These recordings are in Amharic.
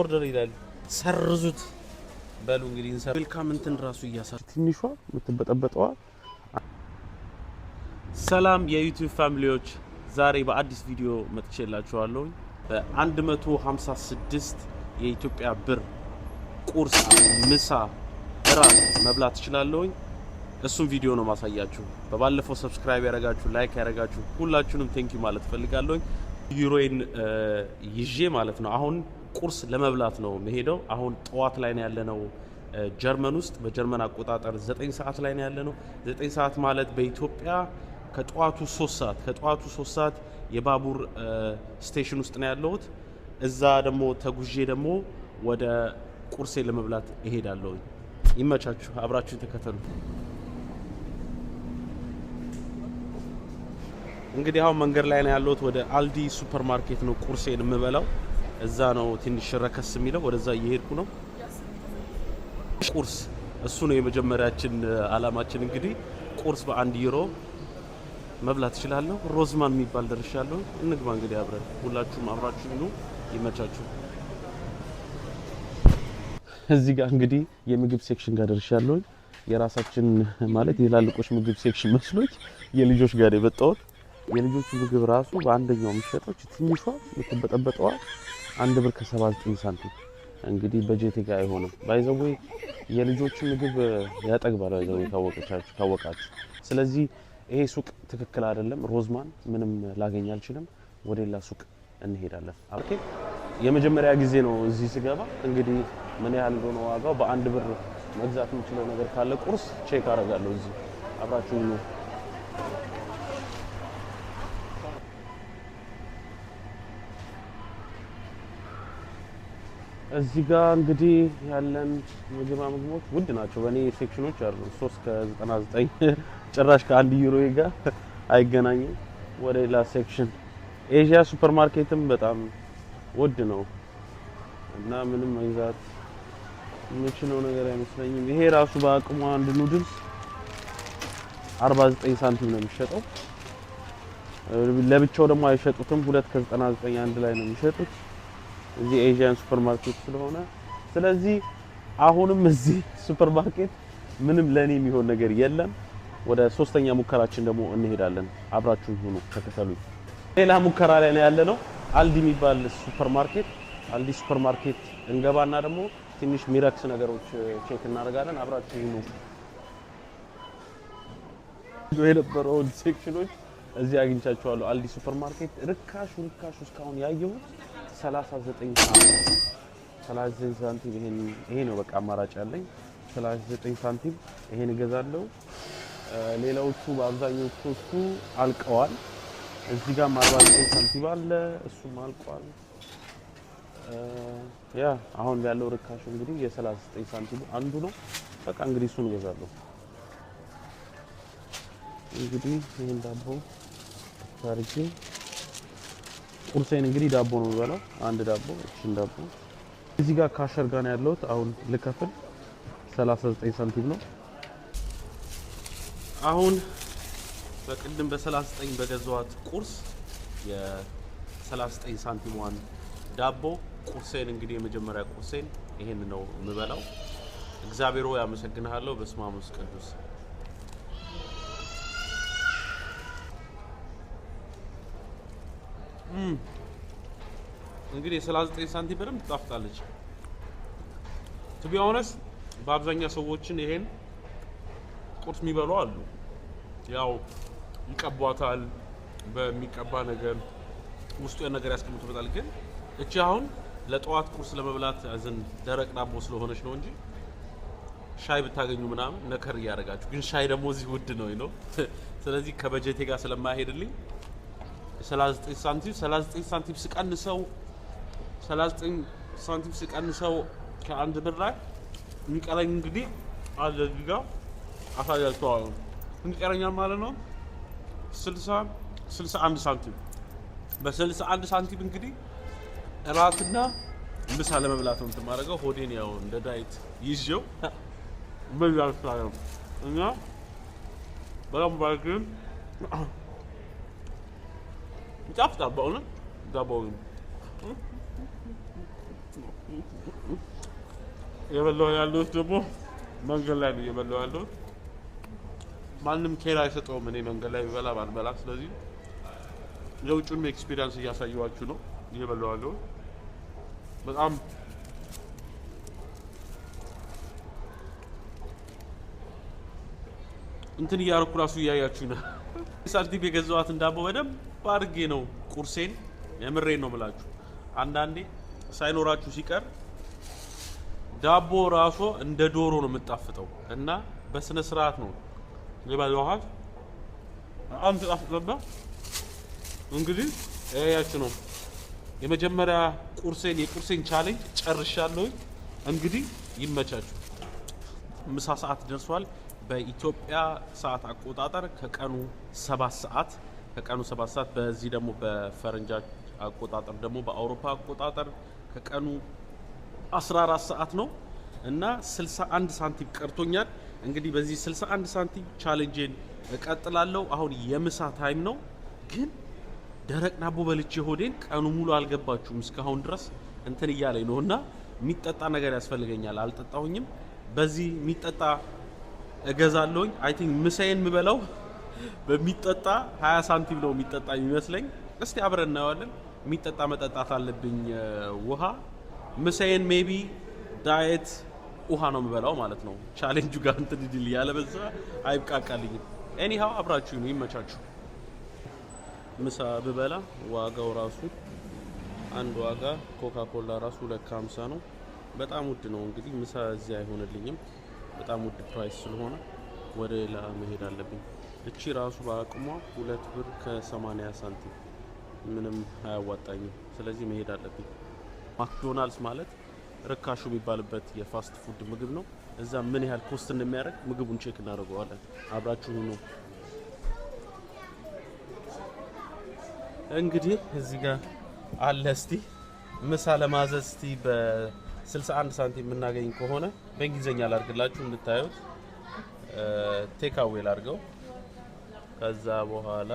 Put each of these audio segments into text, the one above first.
ኦርደር ይላል። ሰርዙት በሉ እንግዲህ እንሰር ዌልካም እንትን ራሱ እያሰር ትንሿ የምትበጠበጠዋ። ሰላም የዩቲዩብ ፋሚሊዎች፣ ዛሬ በአዲስ ቪዲዮ መጥቼላችኋለሁ። በ156 የኢትዮጵያ ብር ቁርስ፣ ምሳ፣ እራት መብላት ትችላለሁኝ። እሱን ቪዲዮ ነው ማሳያችሁ። በባለፈው ሰብስክራይብ ያደረጋችሁ ላይክ ያደረጋችሁ ሁላችሁንም ቴንኪ ማለት እፈልጋለሁኝ። ዩሮዬን ይዤ ማለት ነው አሁን ቁርስ ለመብላት ነው የሚሄደው። አሁን ጠዋት ላይ ነው ያለነው ጀርመን ውስጥ በጀርመን አቆጣጠር ዘጠኝ ሰዓት ላይ ነው ያለነው። ዘጠኝ ሰዓት ማለት በኢትዮጵያ ከጠዋቱ ሶስት ሰዓት ከጠዋቱ ሶስት ሰዓት የባቡር ስቴሽን ውስጥ ነው ያለሁት። እዛ ደግሞ ተጉዤ ደግሞ ወደ ቁርሴ ለመብላት እሄዳለሁ። ይመቻችሁ፣ አብራችሁን ተከተሉ። እንግዲህ አሁን መንገድ ላይ ነው ያለሁት። ወደ አልዲ ሱፐር ማርኬት ነው ቁርሴን የምበላው። እዛ ነው ትንሽ ረከስ የሚለው። ወደዛ እየሄድኩ ነው። ቁርስ እሱ ነው የመጀመሪያችን አላማችን። እንግዲህ ቁርስ በአንድ ዩሮ መብላት እችላለሁ። ሮዝማን የሚባል ደርሻለሁ። እንግባ እንግዲህ አብረን ሁላችሁም አብራችሁ ኑ። ይመቻችሁ። እዚህ ጋር እንግዲህ የምግብ ሴክሽን ጋር ደርሻለሁ። የራሳችን ማለት የላልቆች ምግብ ሴክሽን መስሎች የልጆች ጋር የመጣሁት የልጆቹ ምግብ ራሱ በአንደኛው የሚሸጠው ትንሿ የምትበጠበጠዋ አንድ ብር ከ79 ሳንቲም እንግዲህ በጀቴ ጋር አይሆንም። ባይዘዌ የልጆቹ ምግብ ያጠግባል። ባይዘዌ ካወቃችሁ ካወቃችሁ። ስለዚህ ይሄ ሱቅ ትክክል አይደለም። ሮዝማን ምንም ላገኝ አልችልም። ወደ ሌላ ሱቅ እንሄዳለን። ኦኬ የመጀመሪያ ጊዜ ነው እዚህ ስገባ። እንግዲህ ምን ያህል እንደሆነ ዋጋው በአንድ ብር መግዛት የምችለው ነገር ካለ ቁርስ ቼክ አደርጋለሁ። እዚህ አብራችሁ እዚህ ጋር እንግዲህ ያለን ምግብ ምግቦች ውድ ናቸው። በእኔ ሴክሽኖች አሉ ሶስት ከዘጠና ዘጠኝ ጭራሽ ከአንድ ዩሮ ጋር አይገናኝም። ወደ ሌላ ሴክሽን ኤዥያ ሱፐር ማርኬትም በጣም ውድ ነው እና ምንም መግዛት የምችለው ነገር አይመስለኝም። ይሄ ራሱ በአቅሙ አንድ ኑድልስ 49 ሳንቲም ነው የሚሸጠው። ለብቻው ደግሞ አይሸጡትም። ሁለት ከዘጠና ዘጠኝ አንድ ላይ ነው የሚሸጡት። እዚህ ኤዥያን ሱፐር ማርኬት ስለሆነ ስለዚህ አሁንም እዚህ ሱፐር ማርኬት ምንም ለኔ የሚሆን ነገር የለም። ወደ ሶስተኛ ሙከራችን ደግሞ እንሄዳለን። አብራችሁ ሁኑ፣ ተከተሉኝ። ሌላ ሙከራ ላይ ነው ያለነው አልዲ የሚባል ሱፐር ማርኬት። አልዲ ሱፐር ማርኬት እንገባና ደግሞ ትንሽ ሚረክስ ነገሮች ቼክ እናደርጋለን። አብራችሁ ሁኑ። የነበረውን ሴክሽኖች እዚህ አግኝቻቸዋለሁ። አልዲ ሱፐር ማርኬት ርካሹ ርካሹ እስካሁን ያየሁት 39 39 ሳንቲም ይሄን ይሄ ነው በቃ አማራጭ ያለኝ 39 ሳንቲም ይሄን እገዛለሁ። ሌላዎቹ በአብዛኞቹ እሱ አልቀዋል። እዚህ ጋር 49 ሳንቲም አለ፣ እሱም አልቋል። ያ አሁን ያለው ርካሽ እንግዲህ የ39 ሳንቲሙ አንዱ ነው። በቃ እንግዲህ እሱን እገዛለሁ። እንግዲህ ይሄን ዳቦ ታሪኬ ቁርሴን እንግዲህ ዳቦ ነው የሚበላው። አንድ ዳቦ እቺን ዳቦ እዚህ ጋር ካሸር ጋር ነው ያለሁት። አሁን ልከፍል 39 ሳንቲም ነው። አሁን በቅድም በ39 በገዛዋት ቁርስ የ39 ሳንቲሟን ዳቦ ቁርሴን እንግዲህ የመጀመሪያ ቁርሴን ይሄን ነው የምበላው። እግዚአብሔር ሆይ አመሰግንሃለሁ። በስመ አብ ቅዱስ እንግዲህ የ39 ሳንቲም በደንብ ትጣፍጣለች። ኦነስ በአብዛኛው ሰዎችን ይሄን ቁርስ የሚበሉ አሉ። ያው ይቀቧታል፣ በሚቀባ ነገር ውስጡ ነገር ያስቀምጡበታል። ግን እቺ አሁን ለጠዋት ቁርስ ለመብላት ዝን ደረቅ ዳቦ ስለሆነች ነው እንጂ ሻይ ብታገኙ ምናምን ነከር እያደረጋችሁ ግን ሻይ ደግሞ እዚህ ውድ ነው ነው። ስለዚህ ከበጀቴ ጋር ስለማይሄድልኝ 39 ሳንቲም 39 ሳንቲም ስቀንሰው 39 ሳንቲም ስቀንሰው ከአንድ ብር ላይ የሚቀረኝ እንግዲህ አለ እዚህ ጋር አሳያቸዋለሁ። የሚቀረኛል ማለት ነው 60 61 ሳንቲም። በ61 ሳንቲም እንግዲህ እራትና ምሳ ለመብላት ነው የምትማረገው። ሆዴን ያው እንደ ዳይት ይዤው መብላት ስላ ነው እና በጣም ባግን Ciasto za bolu. Za bolu. የበላሁ ያለሁት ደግሞ መንገድ ላይ ነው እየበላሁ ያለሁት። ማንም ኬር አይሰጠውም እኔ መንገድ ላይ ይበላ ባልበላ። ስለዚህ የውጭንም ኤክስፒሪየንስ እያሳየኋችሁ ነው እየበላሁ ያለሁት። በጣም እንትን እያደረኩ ራሱ እያያችሁ ነው። ሳርቲፍ የገዛኋትን ዳቦ በደንብ አድርጌ ነው ቁርሴን የምሬን ነው የምላችሁ። አንዳንዴ ሳይኖራችሁ ሲቀር ዳቦ ራሱ እንደ ዶሮ ነው የምጣፍጠው እና በስነ ስርዓት ነው ሌባ የበላኋት። አንተ ጣፍጥለባ እንግዲህ ያያችሁ ነው የመጀመሪያ ቁርሴን የቁርሴን ቻሌንጅ ጨርሻለሁ። እንግዲህ ይመቻችሁ። ምሳ ሰዓት ደርሷል። በኢትዮጵያ ሰዓት አቆጣጠር ከቀኑ ሰባት ሰዓት ከቀኑ 7 ሰዓት በዚህ ደግሞ በፈረንጃች አቆጣጠር ደግሞ በአውሮፓ አቆጣጠር ከቀኑ 14 ሰዓት ነው እና 61 ሳንቲም ቀርቶኛል። እንግዲህ በዚህ 61 ሳንቲም ቻሌንጄን እቀጥላለሁ። አሁን የምሳ ታይም ነው፣ ግን ደረቅ ዳቦ በልቼ ሆዴን ቀኑ ሙሉ አልገባችሁም እስካሁን ድረስ እንትን እያለኝ ነው እና የሚጠጣ ነገር ያስፈልገኛል። አልጠጣሁኝም። በዚህ የሚጠጣ እገዛለሁኝ። አይ ቲንክ ምሳዬን የምበላው በሚጠጣ 20 ሳንቲም ነው የሚጠጣ የሚመስለኝ። እስቲ አብረን እናየዋለን። የሚጠጣ መጠጣት አለብኝ ውሃ። ምሳዬን ሜቢ ዳየት ውሃ ነው የምበላው ማለት ነው። ቻሌንጁ ጋር እንትን ድል ያለበዛ አይብቃቃልኝም። ኤኒሃው አብራችሁ ነው ይመቻችሁ። ምሳ ብበላ ዋጋው ራሱ አንድ ዋጋ ኮካ ኮላ ራሱ ሁለት ከሀምሳ ነው። በጣም ውድ ነው እንግዲህ ምሳ እዚህ አይሆንልኝም። በጣም ውድ ፕራይስ ስለሆነ ወደ ሌላ መሄድ አለብኝ። እቺ ራሱ በአቅሟ ሁለት ብር ከ80 ሳንቲም ምንም አያዋጣኝም። ስለዚህ መሄድ አለብኝ። ማክዶናልድስ ማለት ርካሹ የሚባልበት የፋስት ፉድ ምግብ ነው። እዛ ምን ያህል ኮስት እንደሚያደርግ ምግቡን ቼክ እናደርገዋለን። አብራችሁ ሁኑ። እንግዲህ እዚህ ጋር አለ። እስቲ ምሳ ለማዘዝ እስቲ በ61 ሳንቲም የምናገኝ ከሆነ በእንግሊዝኛ ላድርግላችሁ እንድታዩት። ቴካዌ ላድርገው ከዛ በኋላ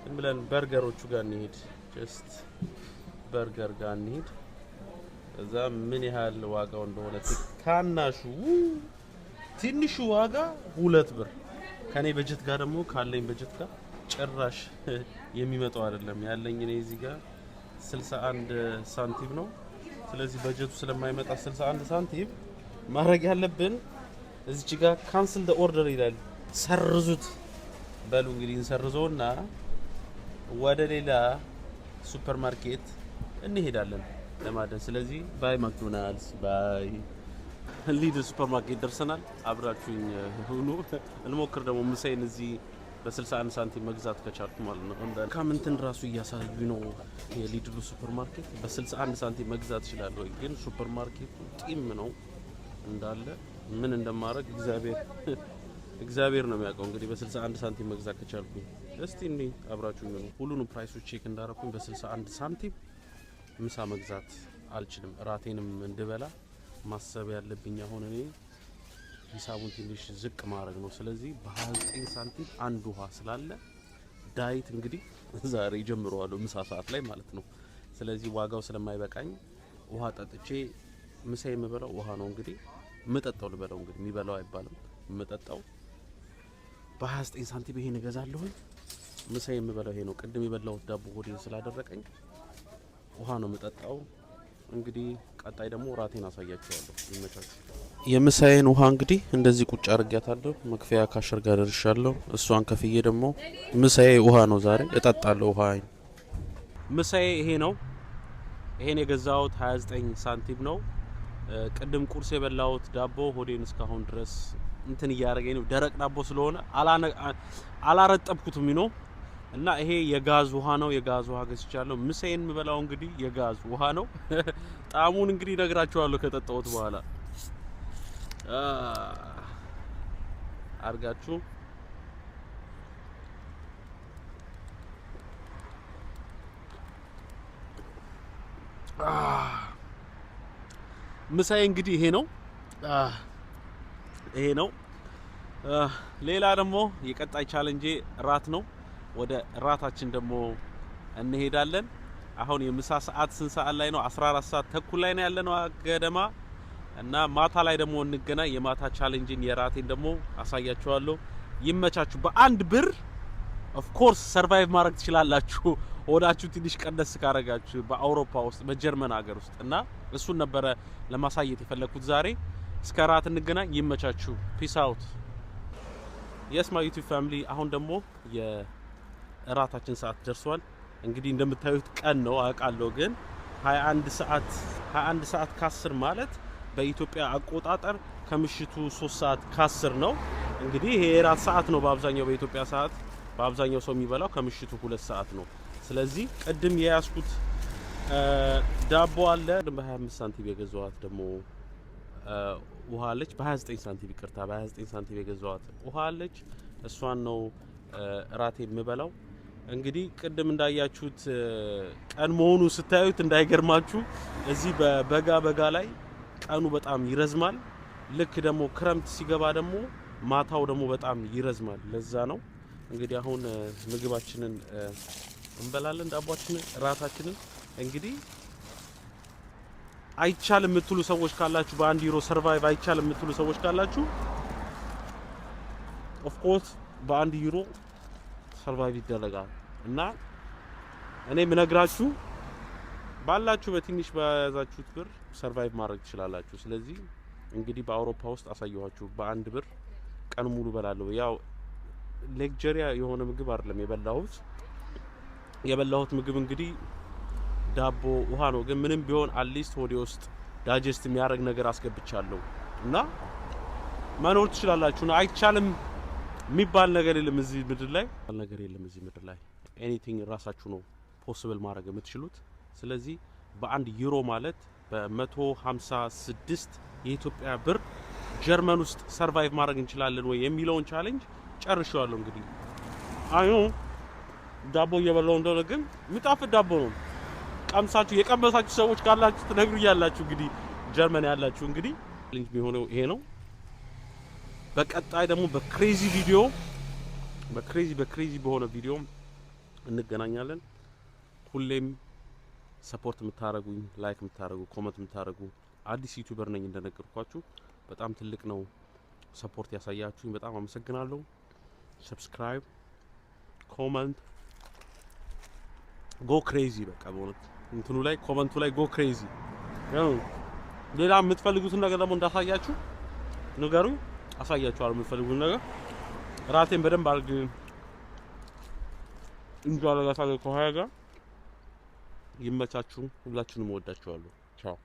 ዝም ብለን በርገሮቹ ጋር እንሂድ። ጀስት በርገር ጋር እንሂድ። ከዛ ምን ያህል ዋጋው እንደሆነ ታናሹ ትንሹ ዋጋ ሁለት ብር ከኔ በጀት ጋር ደግሞ ካለኝ በጀት ጋር ጭራሽ የሚመጣው አይደለም። ያለኝ እኔ እዚህ ጋር 61 ሳንቲም ነው። ስለዚህ በጀቱ ስለማይመጣ 61 ሳንቲም ማድረግ ያለብን እዚች ጋር ካንስል ደ ኦርደር ይላል፣ ሰርዙት በሉ እንግዲህ እንሰርዘውና ወደ ሌላ ሱፐር ማርኬት እንሄዳለን ለማደን። ስለዚህ ባይ ማክዶናልድስ፣ ባይ ሊድ ሱፐር ማርኬት ደርሰናል። አብራችሁኝ ሁኑ። እንሞክር ደግሞ ምሳዬን እዚህ በ61 ሳንቲም መግዛት ከቻልኩ ማለት ነው። ካምንትን ራሱ እያሳዩ ነው። የሊድሉ ሱፐር ማርኬት በ61 ሳንቲም መግዛት ወይ? ግን ሱፐር ማርኬቱ ጢም ነው እንዳለ ምን እንደማድረግ እግዚአብሔር እግዚአብሔር ነው የሚያውቀው። እንግዲህ በ61 ሳንቲም መግዛት ከቻልኩኝ እስቲ እኔ አብራችሁ ነው ሁሉንም ፕራይሶች ቼክ እንዳረኩኝ በ61 ሳንቲም ምሳ መግዛት አልችልም። እራቴንም እንድበላ ማሰብ ያለብኝ አሁን እኔ ሂሳቡን ትንሽ ዝቅ ማድረግ ነው። ስለዚህ በ29 ሳንቲም አንድ ውሃ ስላለ ዳይት እንግዲህ ዛሬ ጀምረዋለሁ ምሳ ሰዓት ላይ ማለት ነው። ስለዚህ ዋጋው ስለማይበቃኝ ውሃ ጠጥቼ ምሳ የምበላው ውሃ ነው እንግዲህ ምጠጣው ልበለው እንግዲህ የሚበላው አይባልም ምጠጣው በ29 ሳንቲም ይሄን እገዛለሁ። ምሳ የምበላው ይሄ ነው። ቅድም የበላሁት ዳቦ ሆዴን ስላደረቀኝ ውሃ ነው የምጠጣው። እንግዲህ ቀጣይ ደግሞ ራቴን አሳያቸዋለሁ። ይመቻችሁ። የምሳዬን ውሃ እንግዲህ እንደዚህ ቁጭ አድርጊያታለሁ። መክፈያ ካሸር ጋር ደርሻለሁ። እሷን ከፍዬ ደግሞ ምሳዬ ውሃ ነው ዛሬ እጠጣለሁ። ውሃ ምሳዬ ይሄ ነው። ይሄን የገዛሁት 29 ሳንቲም ነው። ቅድም ቁርስ የበላሁት ዳቦ ሆዴን እስካሁን ድረስ እንትን እያደረገኝ ነው። ደረቅ ዳቦ ስለሆነ አላረጠብኩትም ነው እና ይሄ የጋዝ ውሃ ነው። የጋዝ ውሃ ገዝቻለሁ። ምሳዬን የምበላው እንግዲህ የጋዝ ውሃ ነው። ጣዕሙን እንግዲህ እነግራችኋለሁ ከጠጣሁት በኋላ አርጋችሁ ምሳዬ እንግዲህ ይሄ ነው። ይሄ ነው። ሌላ ደግሞ የቀጣይ ቻለንጄ ራት ነው። ወደ ራታችን ደግሞ እንሄዳለን። አሁን የምሳ ሰዓት ስንት ሰዓት ላይ ነው? 14 ሰዓት ተኩል ላይ ነው ያለነው ገደማ እና ማታ ላይ ደግሞ እንገናኝ። የማታ ቻሌንጅን የራቴን ደግሞ አሳያችኋለሁ። ይመቻችሁ። በአንድ ብር ኦፍ ኮርስ ሰርቫይቭ ማድረግ ትችላላችሁ፣ ወዳችሁ ትንሽ ቀነስ ካረጋችሁ በአውሮፓ ውስጥ በጀርመን ሀገር ውስጥ እና እሱን ነበረ ለማሳየት የፈለግኩት ዛሬ እስከ ራት እንገናኝ። ይመቻችሁ። ፒስ አውት። ማይ ዩቲዩብ ፋሚሊ፣ አሁን ደግሞ የእራታችን ሰዓት ደርሷል። እንግዲህ እንደምታዩት ቀን ነው አውቃለሁ፣ ግን 21 ሰዓት 21 ሰዓት ከአስር ማለት በኢትዮጵያ አቆጣጠር ከምሽቱ 3 ሰዓት ከአስር ነው። እንግዲህ ይሄ የራት ሰዓት ነው በአብዛኛው በኢትዮጵያ ሰዓት በአብዛኛው ሰው የሚበላው ከምሽቱ 2 ሰዓት ነው። ስለዚህ ቅድም የያዝኩት ዳቦ አለ በ25 ሳንቲም የገዛዋት ደግሞ ውሃ አለች በ29 ሳንቲም ይቅርታ፣ በ29 ሳንቲም የገዛዋት ውሃ አለች። እሷን ነው እራት የምበላው። እንግዲህ ቅድም እንዳያችሁት ቀን መሆኑ ስታዩት እንዳይገርማችሁ፣ እዚህ በበጋ በጋ ላይ ቀኑ በጣም ይረዝማል። ልክ ደግሞ ክረምት ሲገባ ደግሞ ማታው ደግሞ በጣም ይረዝማል። ለዛ ነው እንግዲህ አሁን ምግባችንን እንበላለን፣ ዳቧችንን፣ እራታችንን እንግዲህ አይቻል የምትሉ ሰዎች ካላችሁ በአንድ ዩሮ ሰርቫይቭ አይቻል የምትሉ ሰዎች ካላችሁ ኦፍኮርስ በአንድ ዩሮ ሰርቫይቭ ይደረጋል እና እኔ ምነግራችሁ ባላችሁ በትንሽ በያዛችሁት ብር ሰርቫይቭ ማድረግ ትችላላችሁ። ስለዚህ እንግዲህ በአውሮፓ ውስጥ አሳየኋችሁ። በአንድ ብር ቀን ሙሉ በላለሁ። ያው ሌግጀሪያ የሆነ ምግብ አይደለም የበላሁት የበላሁት ምግብ እንግዲህ ዳቦ፣ ውሃ ነው። ግን ምንም ቢሆን አትሊስት ሆዴ ውስጥ ዳጀስት የሚያደርግ ነገር አስገብቻለሁ እና መኖር ትችላላችሁ። አይቻልም የሚባል ነገር የለም እዚህ ምድር ላይ ነገር የለም እዚህ ምድር ላይ ኤኒቲንግ ራሳችሁ ነው ፖስብል ማድረግ የምትችሉት። ስለዚህ በአንድ ዩሮ ማለት በ156 የኢትዮጵያ ብር ጀርመን ውስጥ ሰርቫይቭ ማድረግ እንችላለን ወይ የሚለውን ቻሌንጅ ጨርሼዋለሁ። እንግዲህ አይ ዳቦ እየበላው እንደሆነ ግን የሚጣፍጥ ዳቦ ነው። ቀምሳችሁ የቀመሳችሁ ሰዎች ካላችሁ ትነግሩ ያላችሁ እንግዲህ ጀርመን ያላችሁ እንግዲህ ሊንክ የሚሆነው ይሄ ነው። በቀጣይ ደግሞ በክሬዚ ቪዲዮ በክሬዚ በክሬዚ በሆነ ቪዲዮ እንገናኛለን። ሁሌም ሰፖርት የምታደርጉኝ ላይክ የምታደርጉ ኮመንት የምታደረጉ አዲስ ዩቲዩበር ነኝ እንደነገርኳችሁ በጣም ትልቅ ነው ሰፖርት ያሳያችሁኝ፣ በጣም አመሰግናለሁ። ሰብስክራይብ፣ ኮመንት፣ ጎ ክሬዚ በቃ በእውነት እንትኑ ላይ ኮመንቱ ላይ ጎ ክሬዚ። ሌላ የምትፈልጉትን ነገር ደግሞ እንዳሳያችሁ ንገሩኝ፣ አሳያችኋለሁ። የምትፈልጉት ነገር ራቴን በደንብ አድርግ እንጂ አረጋታለሁ ከሀያ ጋር ይመቻችሁ። ሁላችሁንም እወዳችኋለሁ። ቻው